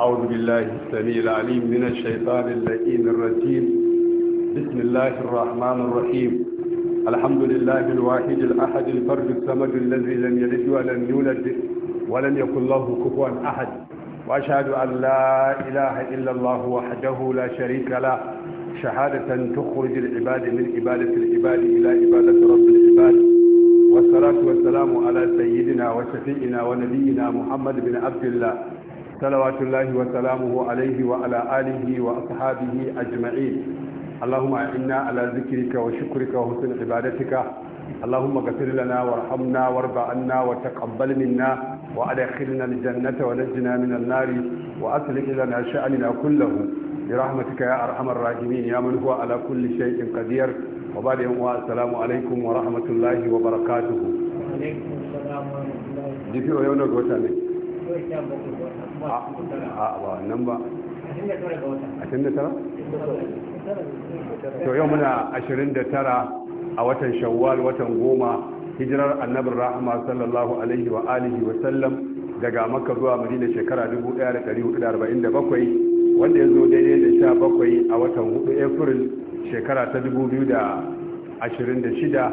أعوذ بالله السميع العليم من الشيطان اللئيم الرجيم بسم الله الرحمن الرحيم الحمد لله الواحد الأحد الفرد الصمد الذي لم يلد ولم يولد ولم يكن له كفوا أحد وأشهد أن لا إله إلا الله وحده لا شريك له شهادة تخرج العباد من عبادة العباد إلى عبادة رب العباد والصلاة والسلام على سيدنا وشفيئنا ونبينا محمد بن عبد الله صلوات الله وسلامه عليه وعلى آله وأصحابه أجمعين اللهم إنا على ذكرك وشكرك وحسن عبادتك اللهم اغفر لنا وارحمنا وارض عنا وتقبل منا وأدخلنا الجنة ونجنا من النار وأسلك لنا شأننا كله برحمتك يا أرحم الراحمين يا من هو على كل شيء قدير وبعد يوم السلام عليكم ورحمة الله وبركاته عليكم السلام ورحمة الله جيبوا يوم a ba nan ba to yau muna ashirin da tara a watan shawwal watan goma hijirar annabin rahama sallallahu alaihi wa alihi wa sallam daga makka zuwa madina shekara 1447 wanda ya zo daidai da sha bakwai a watan 4 april shekara ta 2026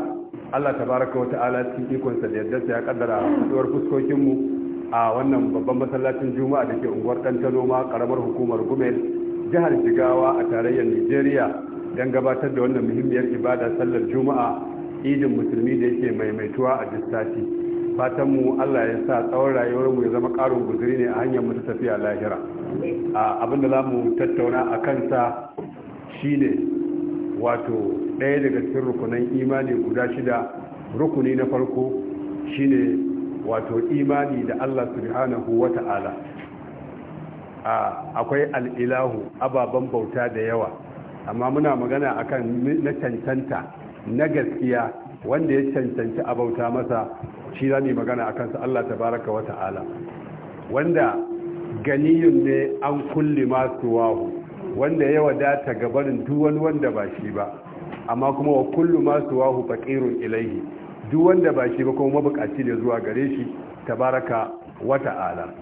allah tabaraka wata ala cikin ikonsa da yadda ya kaddara haduwar fuskokinmu a wannan babban masallacin juma'a da ke unguwar ɗantano ma ƙaramar hukumar gumel jihar jigawa a tarayyar nigeria don gabatar da wannan muhimmiyar ibada sallar juma'a idin musulmi da yake maimaituwa a distati fatan mu allah ya sa tsawon rayuwar mu ya zama ƙarin guzuri ne a hanyar mu ta tafiya lahira abin da za mu tattauna a kansa shine wato ɗaya daga cikin rukunan imani guda shida rukuni na farko shine wato imani da Allah subhanahu wa ta'ala akwai al'ilahu ababen bauta da yawa amma muna magana akan na cancanta na gaskiya wanda ya cancanci a bauta masa shi za mu magana akan sa Allah baraka wa ta'ala wanda ganiyun ne an kulli masu wahu wanda ya wadata gabarin duk wani wanda ba shi ba amma kuma wa kullu masu wahu faqirun ilaihi duk wanda ba shi ba kuma mabukaci ne zuwa gare shi tabaraka wata ala.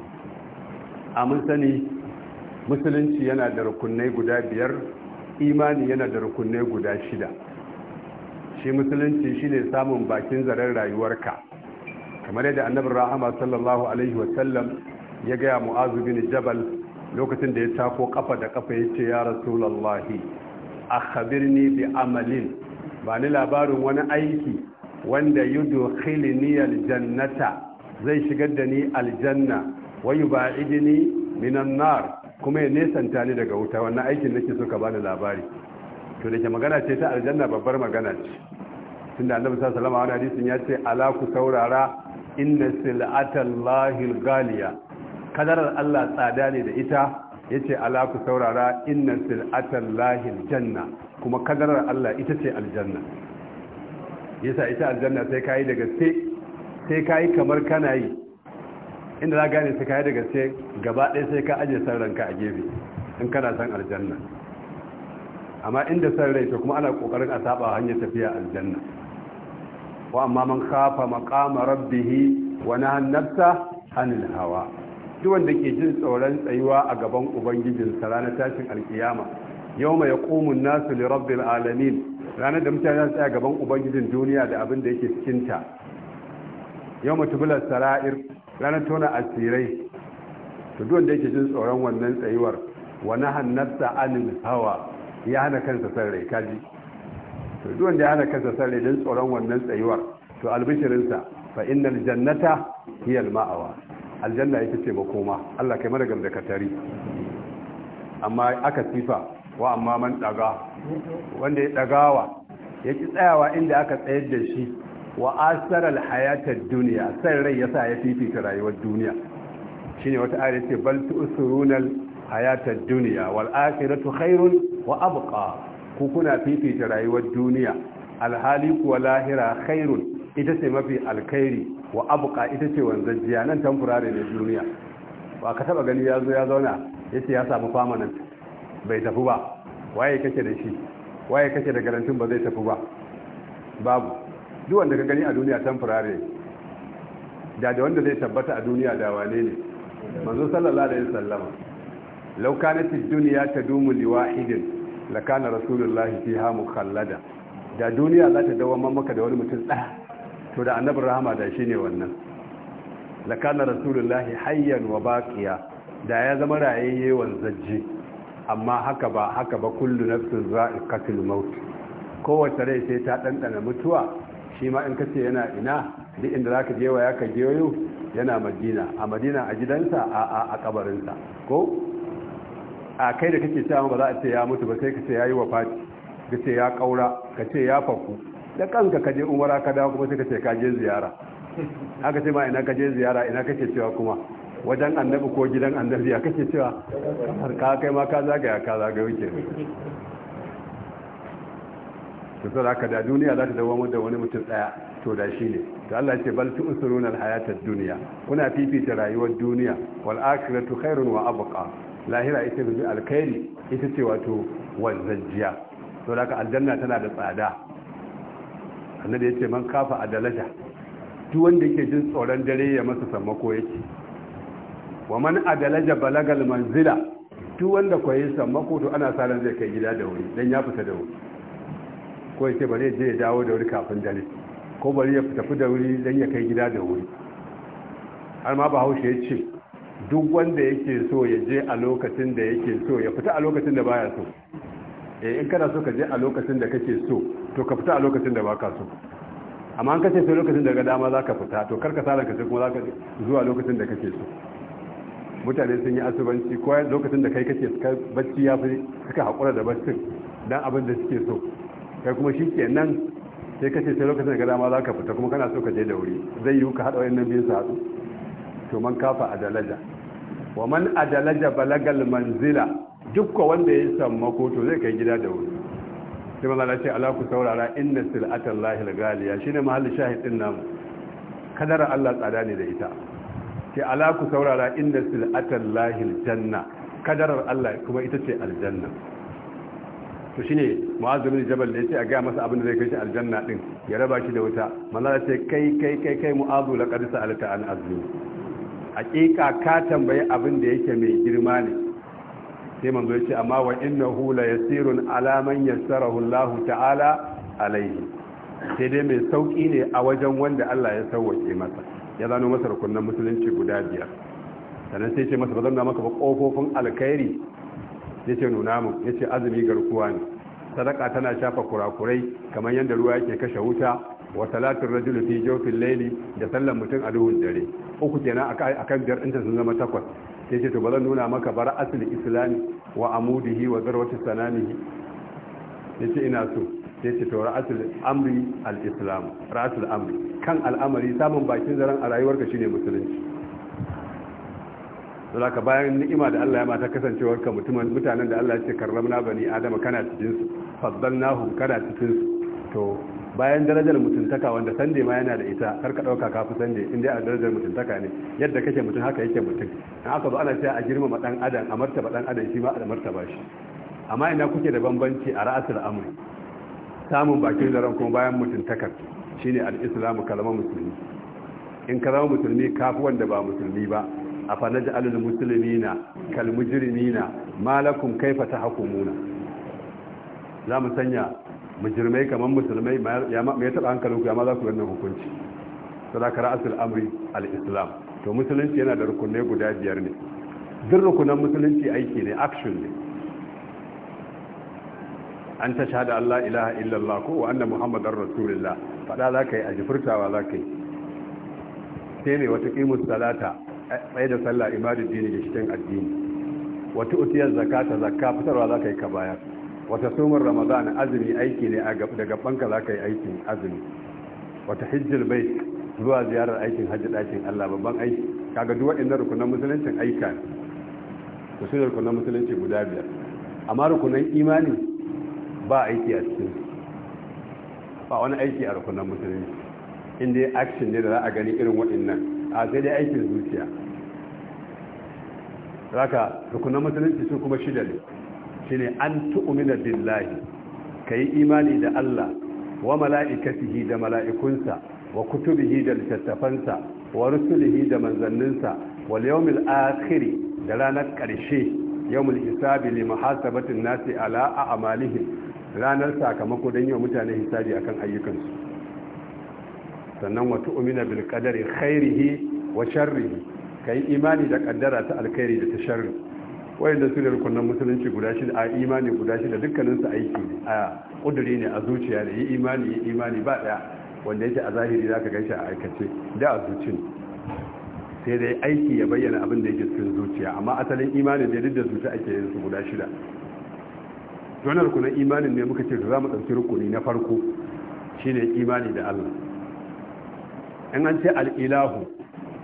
a mun sani musulunci yana da rukunai guda biyar imani yana da rukunai guda shida shi musulunci shine samun bakin zaren rayuwarka kamar yadda Annabi rahama sallallahu alaihi wasallam ya gaya mu'azu bin jabal lokacin da ya tako kafa da kafa ya ce ya rasulallahi a khabirni bi amalin ba ni labarin wani aiki wanda ni aljannata zai shigar da ni aljanna wa yubaidni minan nar kuma ya nesanta ni daga wuta wannan aikin nake so ka bani labari to da ke magana ce ta aljanna babbar magana ce tunda annabi sallallahu alaihi wasallam hadisin ya ce ala ku saurara inna sil'atallahi galiya? kadarar Allah tsada ne da ita yace ala ku saurara inna sil'atallahi janna. kuma kadarar Allah ita ce aljanna yasa ita aljanna sai kayi da gaske sai yi kamar kana yi inda za gane sai yi da gaske gaba ɗaya sai ka ajiye san ranka a gefe in kana san aljanna amma inda san rai to kuma ana kokarin a saba hanyar tafiya aljanna wa amma man khafa maqama rabbih wa nahan nafsa anil hawa duk wanda ke jin tsoron tsayuwa a gaban ubangijinsa ranar tashin alkiyama yau mai yaqumun nasu li rabbil alamin ranar da mutane za su tsaya gaban ubangijin duniya da abin da yake cikinta yau mutubular sara'ir ranar tona asirai to duk wanda yake jin tsoron wannan tsayuwar wani hannarsa anil hawa ya hana kansa sarrai kaji to duk wanda ya hana kansa sarrai don tsoron wannan tsayuwar to albishirinsa fa innal jannata hiya ma'awa aljanna yake ce makoma Allah kai mana gamda katari amma aka sifa wa amma man daga wanda ya dagawa ya ci tsayawa inda aka tsayar da shi wa asarar hayatar duniya sai rai yasa ya fifita rayuwar duniya shine wata ayar ce bal tu'sirunal hayatar duniya wal akhiratu khairun wa abqa ku kuna fifita rayuwar duniya alhali kuwa lahira khairun ita ce mafi alkhairi wa abqa ita ce jiya nan tamfurare ne duniya ba ka taba gani ya zo ya zauna yace ya samu famanan bai tafi ba waye kake da shi waye kake da garantin ba zai tafi ba babu duk wanda ka gani a duniya temporary da da wanda zai tabbata a duniya da wane ne manzo sallallahu alaihi wasallam law kanat ad-dunya tadumu li wahidin la kana rasulullahi fiha mukhallada da duniya za ta dawo maka da wani mutum ɗaya to da annabi rahama da shi ne wannan la kana rasulullahi hayyan wa baqiya da ya zama rayayye wanzajje amma haka ba haka ba kullu nafsin za'iqatul maut kowace rai sai ta dandana mutuwa shi ma in kace yana ina duk inda zaka je wa ya ka je yau yana madina a madina a gidansa a a kabarinsa ko a kai da kake cewa ba za a ce ya mutu ba sai ka ce yayi wafati ka ce ya kaura ka ce ya faku da kanka ka je umara ka dawo kuma sai ka ce ka je ziyara haka ce ma ina ka je ziyara ina kake cewa kuma wajen annabi ko gidan annabi ya kake cewa har kai ma ka zagaya ka zagaya wuce to sai aka da duniya za ta dawo da wani mutum daya to da shi ne to Allah ce bal tu'siruna al-hayatad dunya kuna fifita rayuwar duniya wal akhiratu khairun wa abqa lahira ita bi alkhairi ita ce wato wanzajjiya to da aljanna tana da tsada annabi yace man kafa adalata duk wanda yake jin tsoron dare ya masa sammako yake wa man adalaja balagal manzila tu wanda yi san makoto ana sa ran zai kai gida da wuri dan ya fita da wuri ko yace bare je ya dawo da wuri kafin dare ko bari ya fita da wuri dan ya kai gida da wuri har ma ba ya ce duk wanda yake so ya je a lokacin da yake so ya fita a lokacin da baya so eh in kana so ka je a lokacin da kake so to ka fita a lokacin da baka so amma an kace sai lokacin da ga dama zaka fita to karka sa ranka sai kuma zaka zuwa lokacin da kake so mutane sun yi asubanci ko lokacin da kai kake bacci ya fi suka haƙura da baccin don abin da suke so kai kuma shi ke nan sai kace sai lokacin da ga dama za ka fita kuma kana so ka je da wuri zai yiwu ka haɗa wayannan biyun su haɗu to man kafa a wa man a balagal manzila dukka wanda ya samu to zai kai gida da wuri sai maza ce ala ku saurara inna sil'atan lahil galiya shine mahallin shahidin namu kadara Allah tsada ne da ita ce ala ku saurara inna sil'atar lahil janna kadarar Allah kuma ita ce aljanna to shine mu'azzu jabal da yace a gaya masa abin da zai kai aljanna din ya raba shi da wuta manzo ce kai kai kai kai mu'azzu laqad sa'alta an azmi hakika ka tambayi abin da yake mai girma ne sai manzo yace amma wa innahu la yasirun ala man yassarahu Allah ta'ala alaihi sai dai mai sauƙi ne a wajen wanda Allah ya sauwake masa ya zano masa rukunan musulunci guda biyar sannan sai ce masa ba zan maka ba kofofin alkhairi ya ce nuna mu ya ce azumi garkuwa ne sadaka tana shafa kurakurai kamar yadda ruwa yake kashe wuta wa salatin rajulu fi jofin laili da sallan mutum a duhun dare uku kenan akan biyar ɗinta sun zama takwas sai ce to ba zan nuna maka bara asali islami wa amudihi wa zarwatu sanamihi ya ce ina so sai ce to ra'atul amri al-islam ra'atul amri kan al'amari samun bakin zaren a rayuwarka shine musulunci saboda ka bayan ni'ima da Allah ya mata kasancewar ka mutumin mutanen da Allah ya ce karramna bani adama kana cikin su faddalnahum kana cikin su to bayan darajar mutuntaka wanda sande ma yana da ita karka dauka ka fi sande inda a darajar mutuntaka ne yadda kake mutum haka yake mutum na haka zo Allah ya a girmama dan adam a martaba dan adam shi ma a martaba shi amma ina kuke da bambanci a ra'atul amri samun bakin zaren kuma bayan mutuntakar shine ne al’islamu kalama musulmi in ka zama musulmi kafi wanda ba musulmi ba a fanaji alul musulmina kalmujirimina malakum kaifa ta hakumuna za mu sanya mujirmai kamar musulmai mai taɓa hankali ku yamma za ku wannan hukunci sadakar asul amri al to musulunci yana da rukunai guda biyar ne duk rukunan musulunci aiki ne action ne an ta shahada Allah ilaha illallah ko wa anna muhammadar rasulullah fada za ka yi a jifurtawa za ka yi sai mai wata ƙimus salata tsaye da sallah imadin dini da shitin addini wata utiyar zakata zakka fitarwa za ka yi ka bayar wata sumar ramadan azumi aiki ne daga gabanka za ka yi aikin azumi wata hijjil bai zuwa ziyarar aikin hajji ɗakin allah babban aiki kaga duk waɗannan rukunan musuluncin aika ne su rukunan musulunci guda biyar amma rukunan imani ba aiki a cikin ba wani aiki a rukunan musulunci inda ya action ne da za a gani irin waɗannan a sai dai aikin zuciya raka rukunan musulunci su kuma shida ne shi ne an tu'umina billahi ka yi imani da Allah wa mala'ikatihi da mala'ikunsa wa kutubihi da littattafansa wa rusulihi da manzanninsa wa yawmil akhiri da ranar ƙarshe yawmul hisabi li muhasabatin nasi ala a'malihim ranar sakamako don yi wa mutane hisabi akan ayyukansu sannan wata umina bil qadari khairihi wa sharrihi yi imani da kaddara ta alkhairi da ta sharri wayanda su ne rukunan musulunci guda shida a imani guda shida dukkanin su aiki ne a kuduri ne a zuciya da yi imani yi imani ba daya wanda yake a zahiri zaka gaishe a aikace da a zuci sai dai aiki ya bayyana abin da yake cikin zuciya amma asalin imanin da duk da zuciya ake yin su guda shida don na imanin ne muka ce da za mu ɗauki rukuni na farko shine imani da Allah in an ce al'ilahu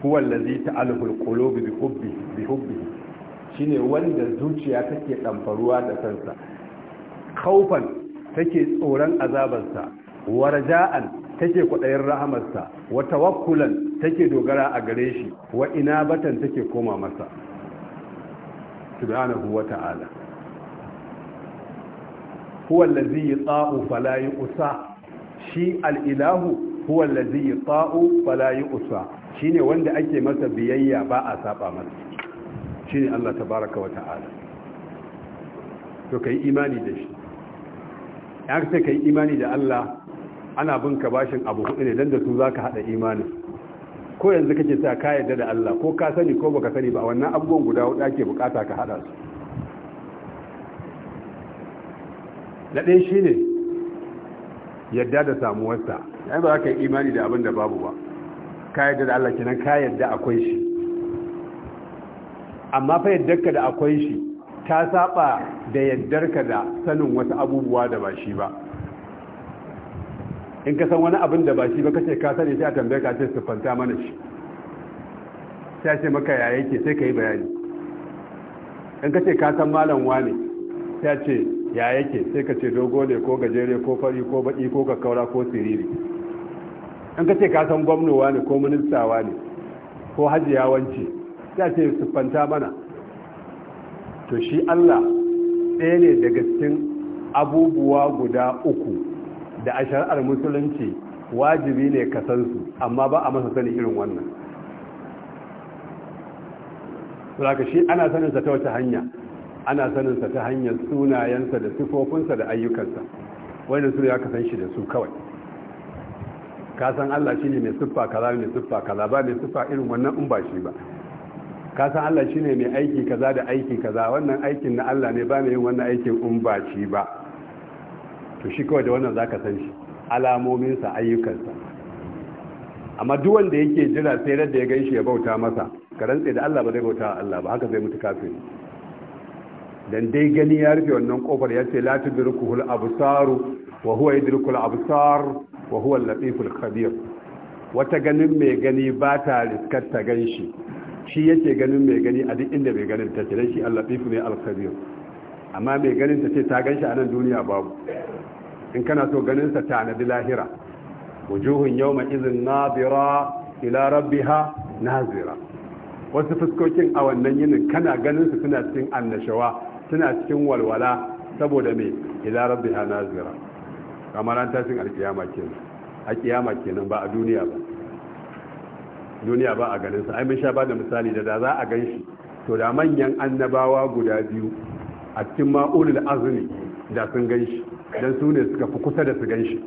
huwa lazi ta'alhul qulubi bi hubbi bi hubbi wanda zuciya take ɗamfaruwa da kansa kaufan take tsoron azabarsa warja'an take kwaɗayin rahamarsa wata wakulan take dogara a gare shi wa batan take koma masa subhanahu wa ta'ala huwa allazi yata'u fala yu'sa shi al-ilahu huwa allazi yata'u fala yu'sa shine wanda ake masa biyayya ba a saba masa shine Allah tabaaraka wa ta'ala to kai imani da shi ya kace kai imani da Allah ana bin ka bashin abu hudu ne dan da su zaka hada imanin ko yanzu kake ta ka yarda da Allah ko ka sani ko baka sani ba wannan abubuwan guda hudu ake bukata ka hada su na ɗaya shi ne yadda da samuwarsa yi ba ka yi imani da abin da babu ba ka yadda da Allah kenan ka yadda akwai shi amma fa yaddarka da akwai shi ta saba da yaddarka da sanin wasu abubuwa da ba shi ba in ka san wani abin da ba shi ba kace ka sani sai a tambaye ka ce siffanta mana shi sai ce maka yaya yake sai ka yi bayani in ka ce ka san malam wane sai ce ya yake sai ka ce dogo ne ko gajere ko fari ko baki ko kakkaura ko siriri An ka ce ka san gwamnowa ne ko ministawa ne ko hajiyawanci ya ce siffanta mana to shi allah ɗaya ne daga cikin abubuwa guda uku da a shari'ar musulunci wajibi ne ka san su amma ba a masa sani irin wannan saboda shi ana sanin sa ta wace hanya ana saninsa ta hanyar sunayensa da sifofinsa da ayyukansa wani su ya kasan shi da su kawai ka san Allah shi ne mai siffa kaza mai siffa kaza ba mai siffa irin wannan in ba shi ba ka san Allah shi ne mai aiki kaza da aiki kaza wannan aikin na Allah ne ba mai yin wannan aikin in ba shi ba to shi kawai da wannan za ka san shi alamominsa ayyukansa amma duk wanda yake jira sai da ya gan shi ya bauta masa ka rantse da Allah ba zai bauta Allah ba haka zai mutu kafin dan dai gani ya rufe wannan kofar ya ce la tudrikuhul absaru wa huwa yudrikul absar wa huwa al-latiful khabir wata ganin mai gani ba ta riskar ta ganshi shi yake ganin mai gani a duk inda mai ganin ta ce dan shi al-latif ne al-khabir amma mai ganin ta ce ta ganshi a nan duniya babu in kana so ganin sa ta na lahira wujuhun yawma idhin nadira ila rabbiha nazira wasu fuskokin a wannan yinin kana ganin su suna cikin annashawa suna cikin walwala saboda me ila ha nazira kamar an tashin alkiyama kenan a kiyama kenan ba a duniya ba duniya ba a ganin sa ai mun sha ba da misali da da za a gan shi to da manyan annabawa guda biyu a cikin ma'ulul azumi da sun gan shi don su ne suka fi kusa da su gan shi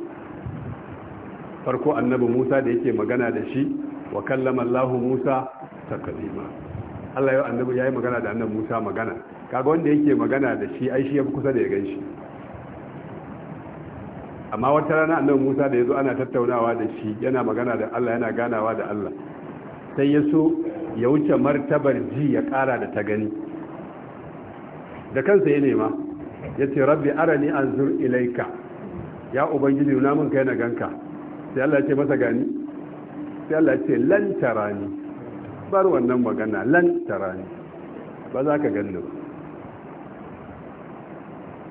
farko annabi musa da yake magana da shi wa kallama allahu musa takalima allah yau annabi ya yi magana da annabi musa magana kaga wanda yake magana da shi ai shi ya kusa da ya gan shi amma wata rana annabi Musa da ya zo ana tattaunawa da shi yana magana da Allah yana ganawa da Allah sai ya so ya wuce martabar ji ya kara da ta gani da kansa ya nema ya ce rabbi arani anzur ilaika ya ubangiji nuna min kai na ganka sai Allah ya ce masa gani sai Allah ya ce lan tarani bar wannan magana lan tarani ba za ka ganni ba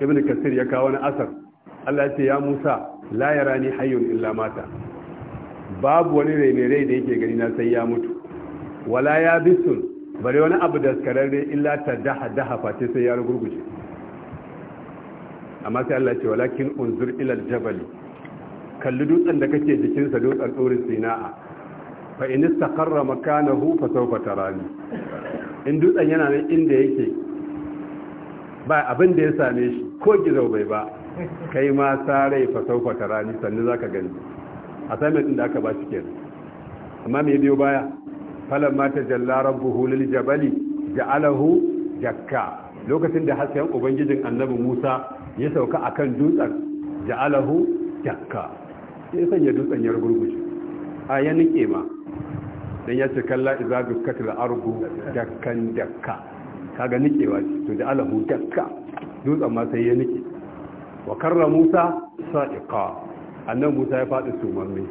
ibn kasir ya kawo wani asar Allah ya ce ya Musa la yarani hayyun illa mata babu wani rai mai rai da yake gani na sai ya mutu wala ya bisun bare wani abu da skararre illa ta daha daha face sai ya rugurguje amma sai Allah ya ce walakin unzur ila aljabal kalli dutsen da kake jikinsa dutsen tsorin sina'a fa in istaqarra makanahu fa sawfa tarani in dutsen yana nan inda yake ba abin da ya same shi ko gizo bai ba kai ma rai fasau fata rani sannu za ka gani assignment ɗin da aka ba shi ke amma mai biyo baya falon mata jallaran buhulul jabali ja'alahu jakka lokacin da hasken ubangijin annabi musa ya sauka kan dutsen ja'alahu jakka ya sanya dutsen ya rugurguje a ya nike ma don ya ce kalla iza dukkatul argu jakkan jakka kaga nikewa ce to da alahu dakka dutsen ma sai ya nike wa karra musa sa'iqa annan musa ya faɗi sumamme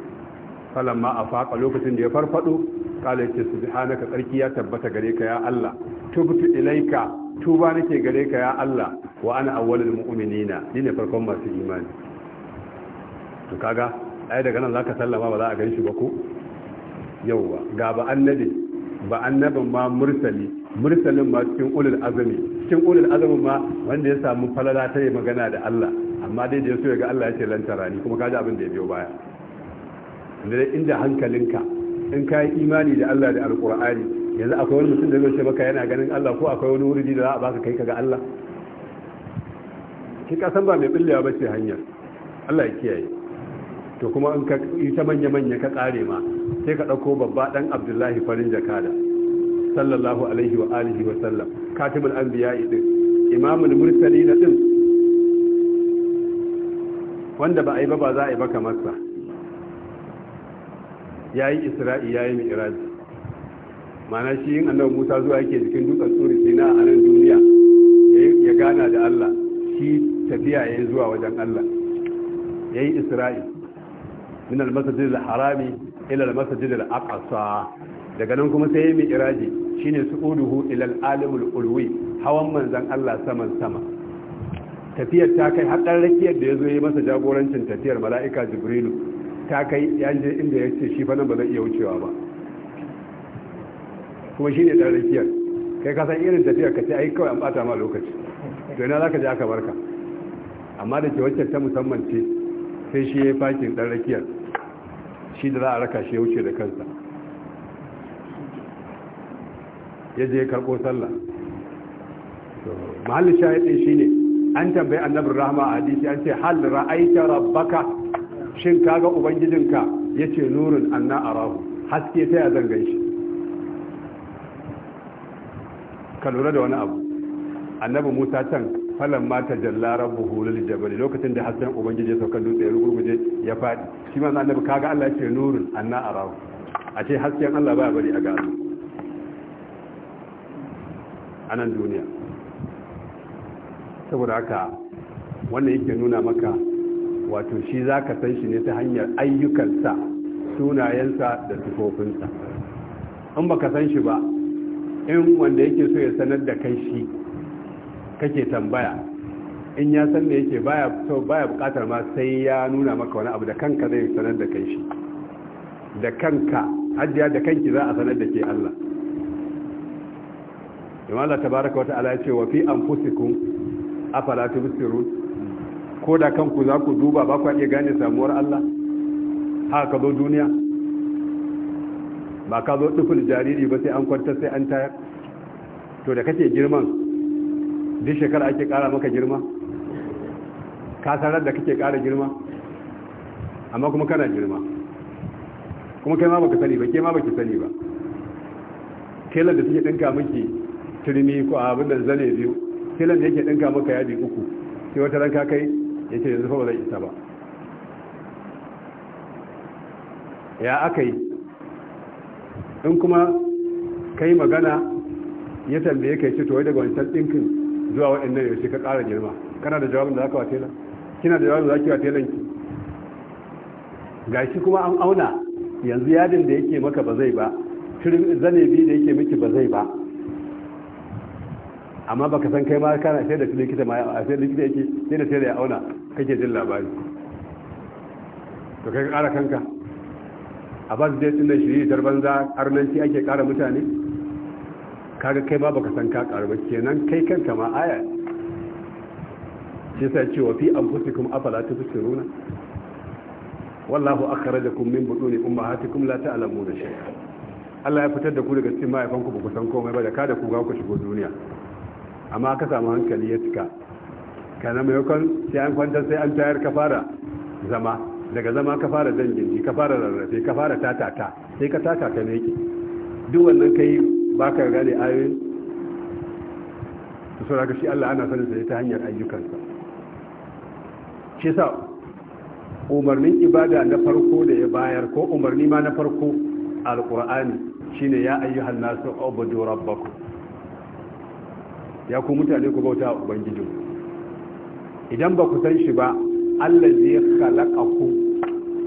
ma a faka lokacin da ya farfaɗo kala yake subhanaka tsarki ya tabbata gare ka ya Allah tubtu ilaika tuba nake gare ka ya Allah wa ana awwalul mu'minina ni ne farkon masu imani to kaga ai daga nan zaka sallama ba za a ganshi ba ko yauwa ga ba annabi ba annabin ma mursali mursalin ma cikin ulul azumi cikin ulul azami ma wanda ya samu falala ta yi magana da Allah amma dai da ya so ya ga Allah ya ce lantara ni kuma kaji abin da ya biyo baya dai inda hankalinka in ka yi imani da Allah da alkur'ani yanzu akwai wani mutum da zai ce maka yana ganin Allah ko akwai wani wuri da za a baka kai ka ga Allah ki san ba mai billewa ba ce hanyar Allah ya kiyaye to kuma in ka yi ta manya manya ka kare ma sai ka dauko babba dan Abdullahi farin jakada sallallahu alaihi wa alihi wa sallam katibul anbiya din imamul mursalin din wanda ba a yi ba ba za a yi ba kamar sa yayi isra'i yayi mi'raj mana shi yin annabi Musa zuwa yake jikin dutsen tsuri sina a nan duniya ya gana da Allah shi tafiya yayi zuwa wajen Allah yayi isra'i min al-masjid al-harami ila al-masjid al-aqsa daga nan kuma sai yi mi'raji shine su'uduhu ilal alimul ulwi hawan manzan Allah saman sama tafiyar ta kai har dan rakiyar da yazo yi masa jagorancin tafiyar mala'ika jibrilu ta kai yanje inda yace shi fa nan ba zai iya wucewa ba kuma shine dan rakiyar kai ka san irin tafiyar ka ce ai kawai an bata ma lokaci to ina zaka je aka barka amma da ke wacce ta musamman ce sai shi ya yi fakin dan rakiyar shi da za a raka shi ya wuce da kansa ya je karɓo sallah mahallin shahidin shi ne an tambayi annabin rahama a hadisi an ce hal ra'aita rabbaka shin kaga ubangijinka ya ce nurin anna arahu haske ta ya zangan shi ka lura da wani abu annabi musa can falon mata jallara buhulul jabali lokacin da hasken ubangiji sauka dutse ya rugurguje ya faɗi shi ma annabi kaga allah ya ce nurin anna arahu a ce hasken allah ba bari a gano a nan duniya saboda haka wannan yake nuna maka wato shi za ka san shi ne ta hanyar ayyukansa sunayensa da tufofinsa in ba ka san shi ba in wanda yake so ya sanar da kai shi kake tambaya in ya san da yake baya so baya bukatar ma sai ya nuna maka wani abu da kanka zai sanar da kai shi da kanka hajjiya da kanki za a sanar da ke Allah imam Allah tabaraka wa ta'ala ya ce wa fi anfusikum afala tubsirun ko da kanku za ku duba ba ku iya gane samuwar Allah haka ka zo duniya ba ka zo dufin jariri ba sai an kwanta sai an tayar to da kake girman duk shekara ake kara maka girma ka sarar da kake kara girma amma kuma kana girma kuma kai ma baka sani ba ke ma baki sani ba kelar da suke dinka miki turmi ko abin da zane biyu kilan da yake dinka maka yadi uku sai wata ranka kai yace yanzu fa ba zai isa ba ya aka yi in kuma kai magana ya tambaye kai ce to wai daga wancan dinkin zuwa waɗannan yaushe ka ƙara girma kana da jawabin da zaka wa tela kina da jawabin da zaki wa telan ki gashi kuma an auna yanzu yadin da yake maka ba zai ba zane biyu da yake miki ba zai ba amma baka san kai ma kana sai da likita ma a sai likita yake sai da sai da ya auna kake jin labari to kai ka kara kanka a ba su dai tun da shiri da banza arnanci ake kara mutane kaga kai ma baka san ka karu ba kenan kai kanka ma aya shi sai cewa fi kuma afala runa wallahu akhrajakum min buduni ummahatikum la ta'lamuna shay'a Allah ya fitar da ku daga cikin mahaifanku ba ku san komai ba da da ku ga ku shigo duniya amma ka samu hankali ya cika kana maimakon sai an kwanta sai an tayar ka fara zama daga zama ka fara dangin ka fara rarrafe ka fara tatata sai ka taka ka ne duk wannan kai ka gane ayoyin sura ka shi Allah ana sanin sa ta hanyar ayyukansa shi sa umarnin ibada na farko da ya bayar ko umarni ma na farko alqur'ani shine ya ayyuhan nasu ubudu rabbakum ya ku mutane ku bauta ubangijin idan ba ku san shi ba Allah zai khalaqa ku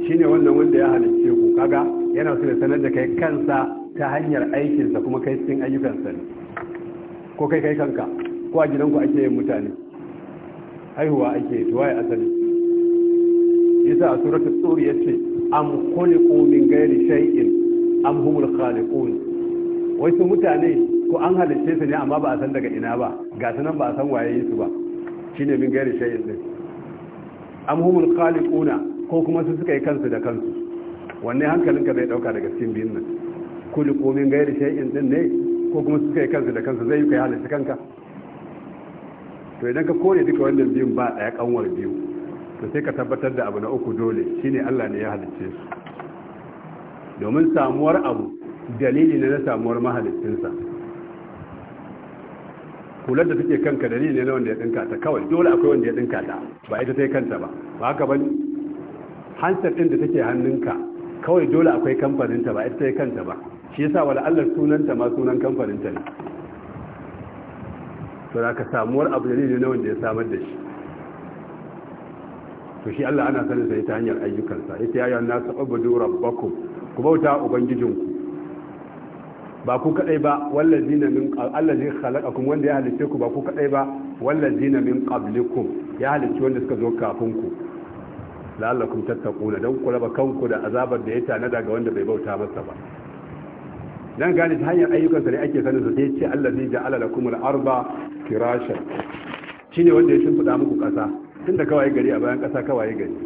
shine wannan wanda ya halicce ku kaga yana so ya sanar da kai kansa ta hanyar aikinsa kuma kai cikin ayyukansa ne ko kai kai kanka ko a gidanku ake yin mutane haihuwa ake to waye asali yasa a suratul ya yace am khuliqu min ghairi shay'in am humul khaliqun wai su mutane ko an halicce su ne amma ba a san daga ina ba ga su nan ba a san waye su ba shine min gari shayin din am humul khaliquna ko kuma su suka yi kansu da kansu wanne hankalin ka zai dauka daga cikin biyun nan kuliqu min gari shayin din ne ko kuma su suka yi kansu da kansu zai yi kai halitta kanka to idan ka kore duka wannan biyun ba daya kanwar biyu to sai ka tabbatar da abu na uku dole shine Allah ne ya halicce su domin samuwar abu dalili ne na samuwar mahalicinsa hular da take kanka dalili ne na wanda ya dinka ta kawai dole akwai wanda ya dinka ta ba ita sai kanta ba ba haka ba hansar din da take hannunka kawai dole akwai kamfanin ta ba ita sai kanta ba shi yasa wala Allah sunanta ma sunan kamfanin ta ne to da ka samuwar abu dalili ne na wanda ya samar da shi to shi Allah ana sanin sa ta hanyar ayyukansa yace ya yanna nasu rabbakum ku bauta ubangijinku ba ku kadai ba na min allazi khalaqakum wanda ya halice ku ba ku kadai ba na min qablikum ya halice wanda suka zo kafin ku la'allakum tattaquna dan ku raba kanku da azabar da ya tana daga wanda bai bauta masa ba dan gani ta hanyar ayyukan sa ne ake sanin sa sai ce allazi ja'ala lakum al-arba firashan shine wanda ya shimfida muku kasa tunda kawai gari a bayan kasa kawai gari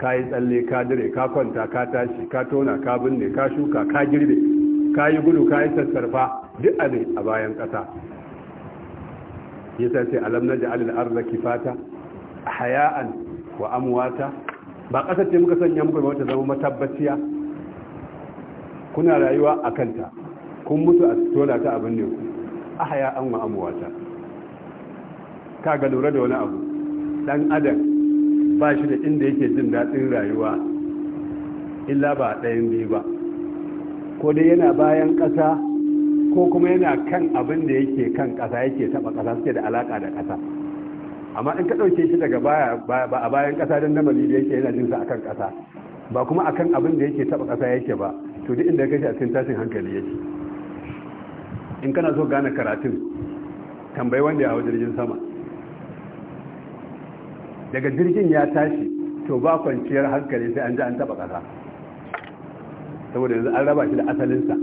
ka yi tsalle ka dire ka kwanta ka tashi ka tona ka binne ka shuka ka girbe ka yi gudu ka yi sassarfa duk abe a bayan ƙasa yasa sai alam na ja'alil fata kifata haya'an wa amuwata ba ƙasar ce muka sanya muka wata zama matabbaciya kuna rayuwa a kanta kun mutu a tona ta abin ne a haya'an wa amuwata, ka ga lura da wani abu ɗan adam ba shi da inda yake jin daɗin rayuwa illa ba ɗayan biyu ba ko dai yana bayan ƙasa ko kuma yana kan abin da yake kan ƙasa yake taɓa ƙasa suke da alaƙa da ƙasa amma in ka ɗauke shi daga baya ba a bayan ƙasa don namali da yake yana jinsa akan ƙasa ba kuma akan abin da yake taɓa ƙasa yake ba to duk inda ka shi a cikin tashin hankali yake in kana so gane karatun tambayi wanda ya hau jirgin sama daga jirgin ya tashi to ba kwanciyar hankali sai an ji an taɓa ƙasa saboda yanzu an raba shi da asalinsa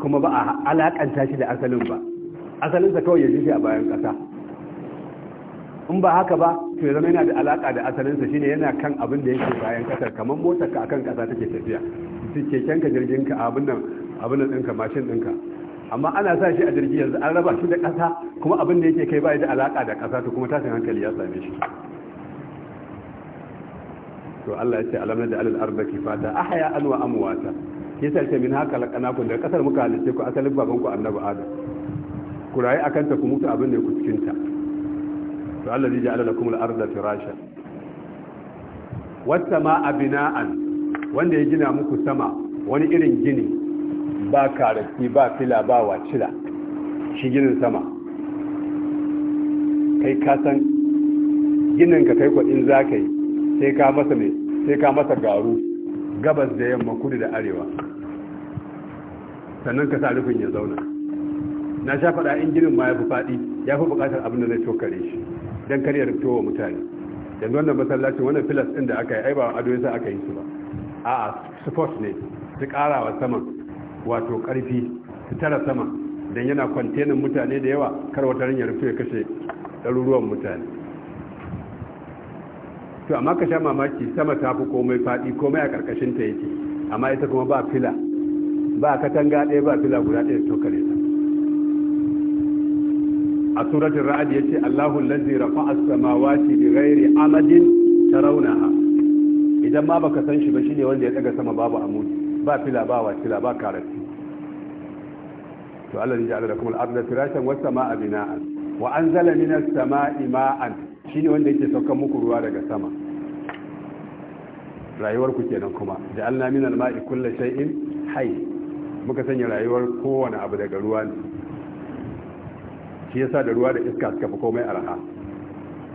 kuma ba a alakanta shi da asalin ba asalinsa kawai ya shi a bayan ƙasa in ba haka ba to ya zama yana da alaka da asalinsa shine yana kan abin da yake bayan ƙasar kamar motar ka akan ƙasa take tafiya keken ka jirgin ka abin nan abin nan ɗinka mashin ɗinka amma ana sa shi a jirgi yanzu an raba shi da ƙasa kuma abin da yake kai ba da alaka da ƙasa to kuma tashin hankali ya same shi to Allah ya ce alam da alal arda kifata ahya an wa amwata yasa ce min haka lakanaku da kasar muka halice ku asalin baban ku annabi adam ku rayu akan ta ku mutu abin da ku cikin ta to Allah zai ja'ala lakum al arda firasha was samaa bina'an wanda ya gina muku sama wani irin gini ba karafi ba fila ba wacila shi ginin sama kai kasan ginin ka kai kwadin za ka yi sai ka masa ne sai ka masa garu gabas da yamma kudu da arewa sannan ka sa rufin ya zauna na sha faɗa injinin ma ya fi faɗi ya fi buƙatar abin da zai tokare shi don kar ya rikto wa mutane yanzu wannan masallacin wannan filas ɗin da aka yi aibawa ado yasa aka yi su ba a'a support ne su ƙara wa saman wato ƙarfi su tara sama don yana kwantenin mutane da yawa kar wata ya rufe ya kashe ɗaruruwan mutane to amma ka sha mamaki sama ta fi komai faɗi komai a ƙarƙashin ta yake amma ita kuma ba fila ba katanga ɗaya ba fila guda ɗaya to kare ta a suratul ra'd yace Allahu allazi rafa'a as-samawati bighairi amadin tarawnaha idan ma baka san shi ba shine wanda ya daga sama babu amudi ba fila ba fila ba karatu to Allah ya ja'ala lakum al-ardha firashan was-samaa'a bina'an wa anzala minas samaa'i ma'an shi ne wanda yake saukan muku ruwa daga sama rayuwar ku kenan kuma da Allah minal ma'i kullu shay'in hayy muka sanya rayuwar kowane abu daga ruwa ne shi yasa da ruwa da iska suka fi komai arha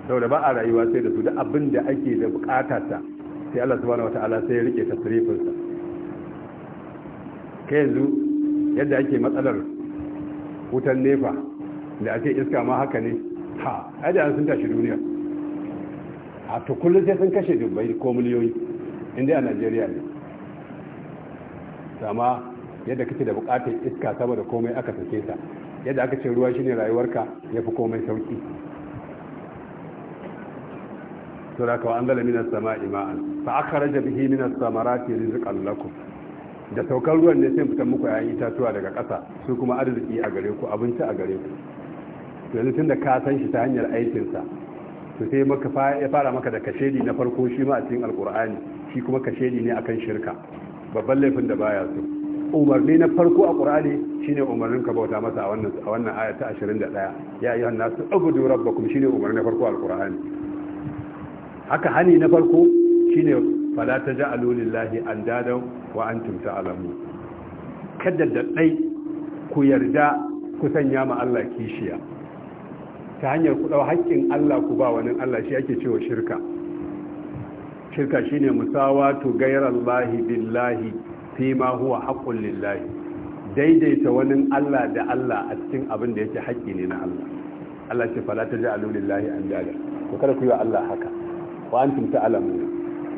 saboda ba a rayuwa sai da su da abin da ake da ta sai Allah subhanahu wataala sai ya rike sa kai yanzu yadda ake matsalar wutan nefa da ake iska ma haka ne ha ai da sun tashi duniya a to kullum sai sun kashe dubbai ko miliyoyi inda a najeriya ne sama yadda kake da bukatar iska saboda komai aka sake ta yadda aka ce ruwa shine rayuwarka ya fi komai sauki suraka kawai an zala minas sama ima'an fa aka raja bihi minas samarati rizqan lakum da saukar ruwan ne sai fitan muku yayin itatuwa daga ƙasa su kuma arziki a gare ku abinci a gare ku to yanzu tun da ka san shi ta hanyar aikinsa to sai maka ya fara maka da kashedi na farko shi ma a cikin alkur'ani shi kuma kashedi ne akan shirka babban laifin da baya so umarni na farko a qur'ani shine umarnin ka bauta masa a wannan a wannan aya ta 21 ya ayyuhan nasu ubudu rabbakum shine umarni na farko alkur'ani haka hani na farko shine fala taj'alu lillahi andadan wa antum ta'lamu kada da dai ku yarda ku sanya ma Allah kishiya ta hanyar ku haƙƙin Allah ku ba wani Allah shi ake cewa shirka shirka shine musawatu Allah billahi fi ma huwa haƙƙun lillahi daidaita wani Allah da Allah a cikin abin da yake haƙƙi ne na Allah Allah ce fala taj'alu lillahi andada to kada ku yi wa Allah haka wa antum ta'lamun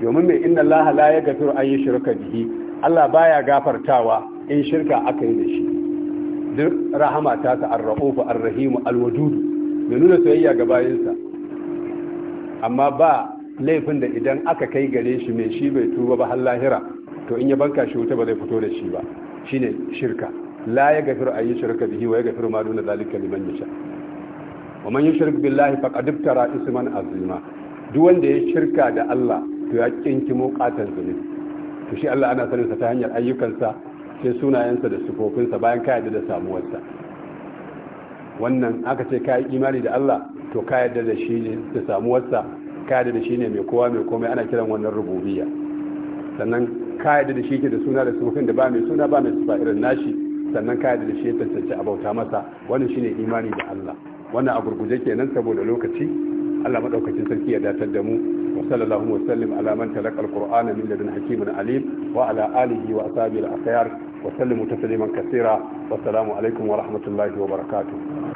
domin me inna Allah la yaghfiru an yushraka bihi Allah baya gafartawa in shirka aka yi da shi duk rahama ta ta arra'ufu arrahimu alwadudu Mai nuna soyayya ga bayansa amma ba laifin da idan aka kai gare shi mai shi bai tuba ba har lahira to in ya banka shi wuta ba zai fito da shi ba shine shirka la ya gafiru a yi shirka bihi wa ya gafiru ma duna zalika liman yasha wa man yushrik billahi faqad iftara isman azima duk wanda ya shirka da Allah to ya kinki muqatan zulmi to shi Allah ana sanin sa ta hanyar ayyukansa sai sunayensa da sifofinsa bayan ka yadda da samuwarsa wannan aka ce ka yi imani da Allah to ka yarda da shi ne da samuwarsa ka yarda da shi ne mai kowa mai komai ana kiran wannan rububiyya sannan ka yarda da shi ke da suna da sufin da ba mai suna ba mai sufa irin nashi sannan ka yarda da shi ya tantance a bauta masa wannan shine imani da Allah wannan a gurguje kenan saboda lokaci Allah madaukakin sarki ya datar da mu وصلى الله وسلم على من تلقى القرآن من لدن حكيم عليم وعلى آله وأصحابه الأخيار وسلموا تسليما كثيرا والسلام عليكم ورحمة الله وبركاته